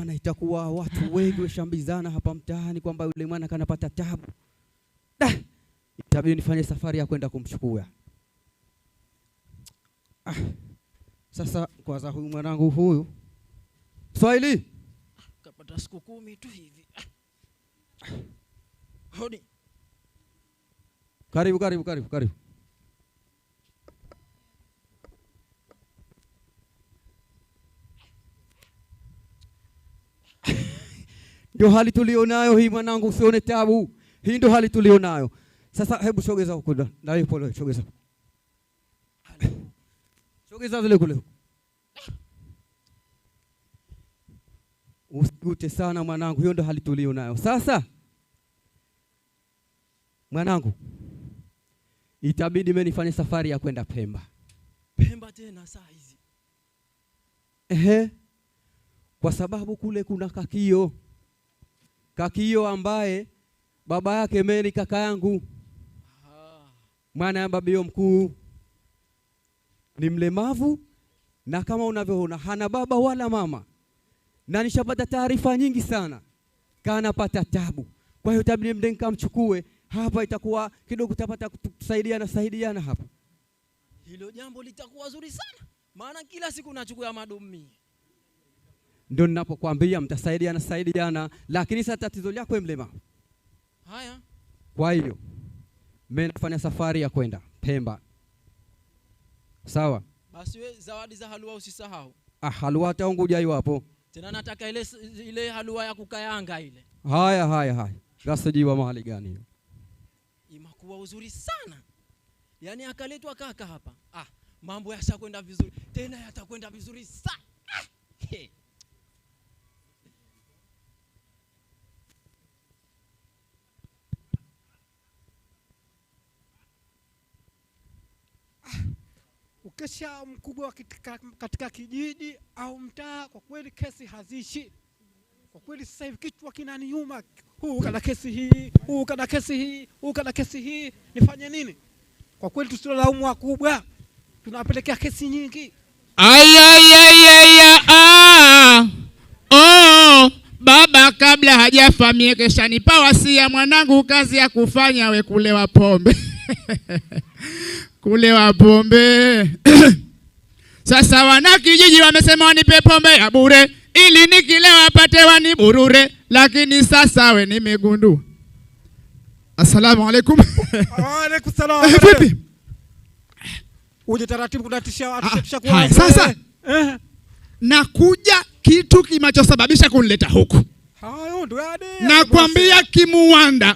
maana itakuwa watu wengi washambizana hapa mtaani kwamba yule mwana kanapata tabu. Da, itabidi nifanye safari ya kwenda kumchukua. Ah, sasa kwanza huyu mwanangu huyu Swahili ah, kapata siku kumi tu hivi. Ah, hodi. Karibu, karibu, karibu, karibu. Ndio hali tulionayo hii mwanangu, usione tabu. Hii ndio hali tulionayo. Sasa hebu sogeza huko hiyo pole, sogeza. Sogeza zile kule. Usigute sana mwanangu, hiyo ndio hali tulionayo. Sasa mwanangu, itabidi mimi nifanye safari ya kwenda Pemba. Pemba tena saa hizi. Ehe. Kwa sababu kule kuna kakio hiyo ambaye baba yake meni kaka yangu mwana babio mkuu ni mlemavu na kama unavyoona hana baba wala mama, na nishapata taarifa nyingi sana kanapata tabu. Kwa hiyo tabidi mde nikamchukue hapa, itakuwa kidogo tapata kusaidiana saidiana hapa. Hilo jambo litakuwa zuri sana, maana kila siku nachukua madumi ndio ninapokuambia mtasaidiana saidiana, lakini sasa tatizo lako wewe mlemavu. Haya, kwa hiyo mimi nafanya safari ya kwenda Pemba, sawa? Basi we zawadi za halua usisahau. Ah, halua hata Unguja iwapo tena, nataka ile, ile halua ya kukayanga ile. Haya, haya, haya, gasijiwa mahali gani hiyo? Imakuwa uzuri sana yani, akaletwa kaka hapa. Ah, mambo yashakwenda vizuri tena, yatakwenda vizuri sana ah, hey. kesha mkubwa katika, katika kijiji au mtaa, kwa kweli kesi haziishi. Kwa kweli sasa hivi kichwa kinaniuma, huu kana kesi hii, huu kana kesi hii, huu kana kesi hii, nifanye nini? Kwa kweli tusilolaumu wakubwa, tunapelekea kesi nyingi. ah, oh, baba kabla hajafa mie keshanipa wasia, mwanangu kazi ya kufanya we kulewa pombe kule wa pombe Sasa wanakijiji wamesema wanipe pombe ya bure ili nikile wapate waniburure, lakini sasa we nimegundua. Asalamu alaikum. Wa salaam. Eh, vipi? Uje taratibu kunatisha watu ah, tushakuwa. Sasa eh. nakuja kitu kinachosababisha kunileta huku. Nakwambia kimuwanda,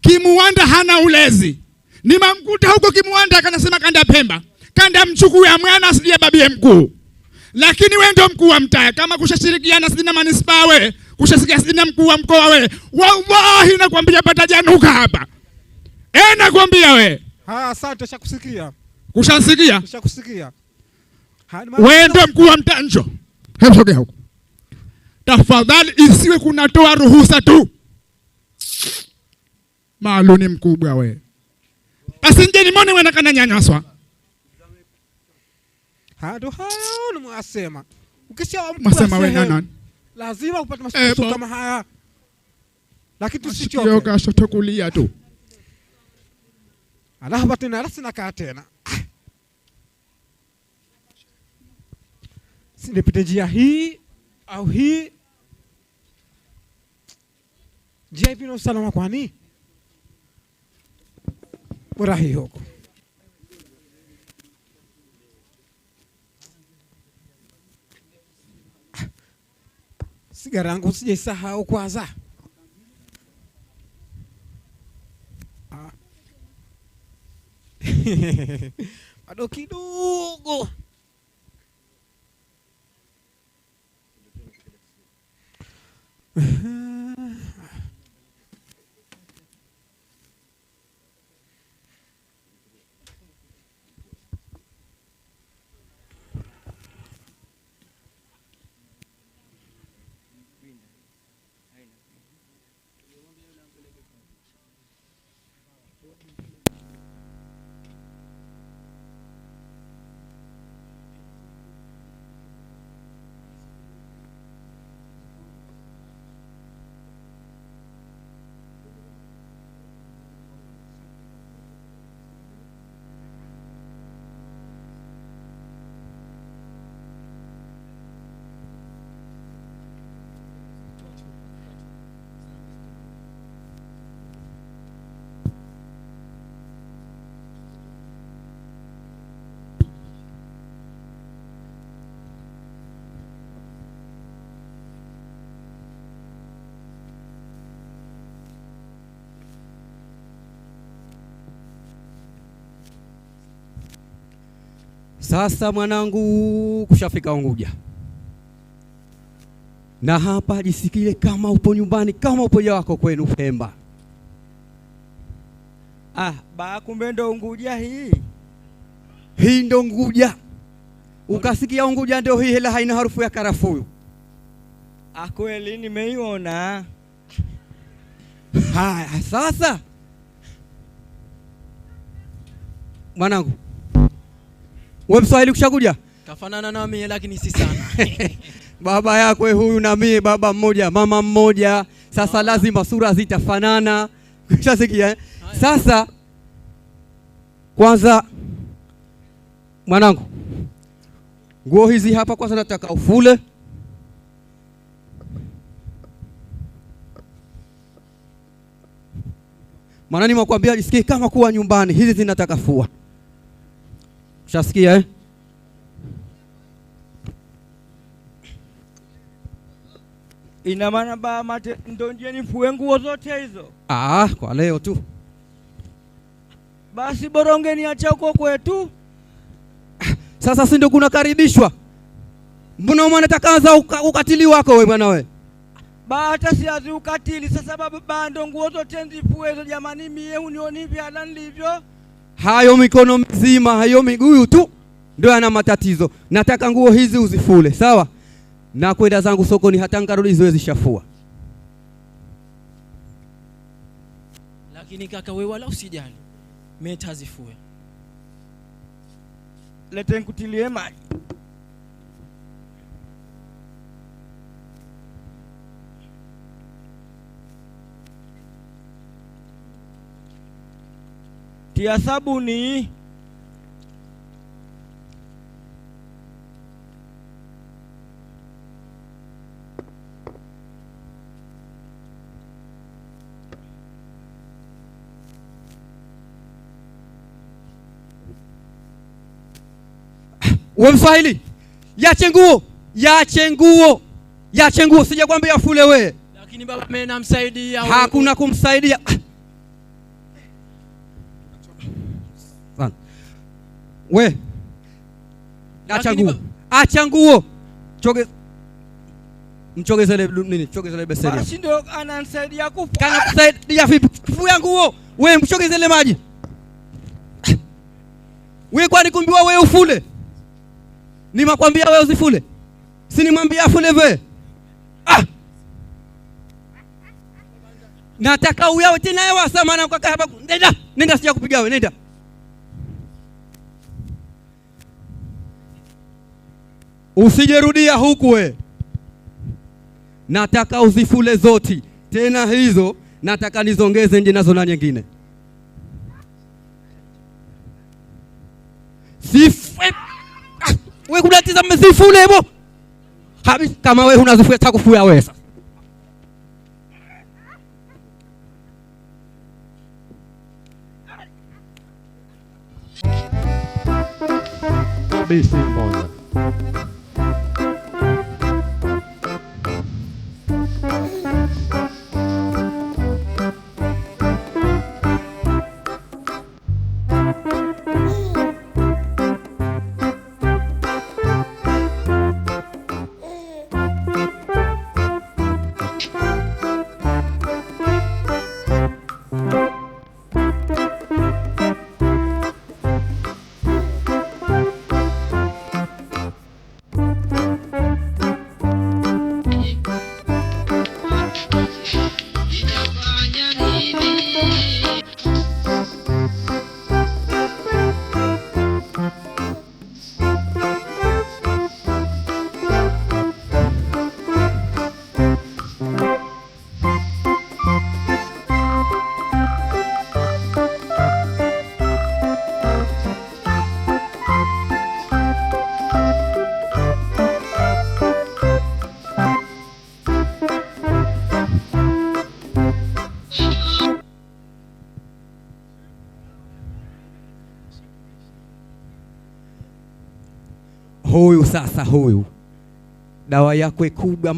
kimuwanda hana ulezi Nimamkuta huko Kimwanda, kanasema kanda Pemba, kanda mchukuu ya mwana asije babie mkuu. Lakini wewe ndio mkuu wa mtaa, kama kushashirikiana sisi na manispaa, wewe kushasikia sisi na mkuu wa mkoa, wewe wallahi nakwambia januka hapa. Eh, nakwambia wewe. asante, shakusikia. Kushasikia? shakusikia Wewe ndio mkuu wa mtaa, njo Hebu sogea huko. Tafadhali isiwe kunatoa ruhusa tu. Maaluni mkubwa wewe basinje nimone mwana kana nyanyaswa hado hayo mwasema ukisha mwasema wewe na nani lazima upate eh, mashtaka kama haya lakini tusichoke yoga shotokulia tu alafu tena rasi nakaa tena ah. sinipite njia hii au hii njia ipi na usalama kwani por arriogo. Sigarango usijisahau kwanza. Ah. Bado Sasa mwanangu, kushafika Unguja na hapa, jisikile kama upo nyumbani, kama upo wako kwenu Pemba. Ah, ba kumbe ndo Unguja hii, hii ndo Unguja. Ukasikia Unguja ndio hii, hela haina harufu ya karafuu. Ah, kweli nimeiona. Haya sasa mwanangu wewe Mswahili kushakuja? Kafanana na mimi lakini si sana. Baba yakwe huyu na mimi baba mmoja, mama mmoja. Sasa ah, lazima sura zitafanana. Ukishasikia eh? Sasa kwanza mwanangu, nguo hizi hapa kwanza nataka ufule. Maana nimekuambia jisikie kama kuwa nyumbani. Hizi zinataka fua. Shasikia eh? Ina maana ba mate ndo ndiye nifue nguo zote hizo? Ah, kwa leo tu. Basi boronge niache huko kwetu. Sasa si ndio kunakaribishwa? Mbona mwana takaanza uka, ukatili wako we bwana wewe? Ba hata siazi ukatili sasa baba ndo nguo zote nzifue hizo jamani mie unioni vya nilivyo hayo mikono mizima, hayo miguu tu ndio yana matatizo. Nataka nguo hizi uzifule, sawa na kwenda zangu sokoni, hata nkarudi ziwe zishafua. Lakini kaka, wewe wala usijali, metazifue, lete nkutilie maji tia sabuni We Mswahili, yache nguo, yache nguo, yache nguo, sija kwambia fule wewe, Lakini baba mimi namsaidia. Hakuna kumsaidia we acha nguo, acha nguo, choge mchogezele nini, chogezele beseni. Basi ndio ananisaidia kufa. Kana kusaidia vipi? Fua nguo we, mchogezele maji we. Kwani kumbiwa we ufule? ni makwambia we usifule, si ni mwambia afule ve ah. Nataka uyawe tena, wasama na kaka hapa, nenda nenda, sija kupiga we, nenda usijerudia huku we. Nataka uzifule zoti tena hizo, nataka nizongeze nje nazo na nyingine Sifwe. Ah, kuna tiza mzifule bo habi, kama we unazifuya takufuya we sasa. Basi mbona sasa huyu dawa yakwe kubwa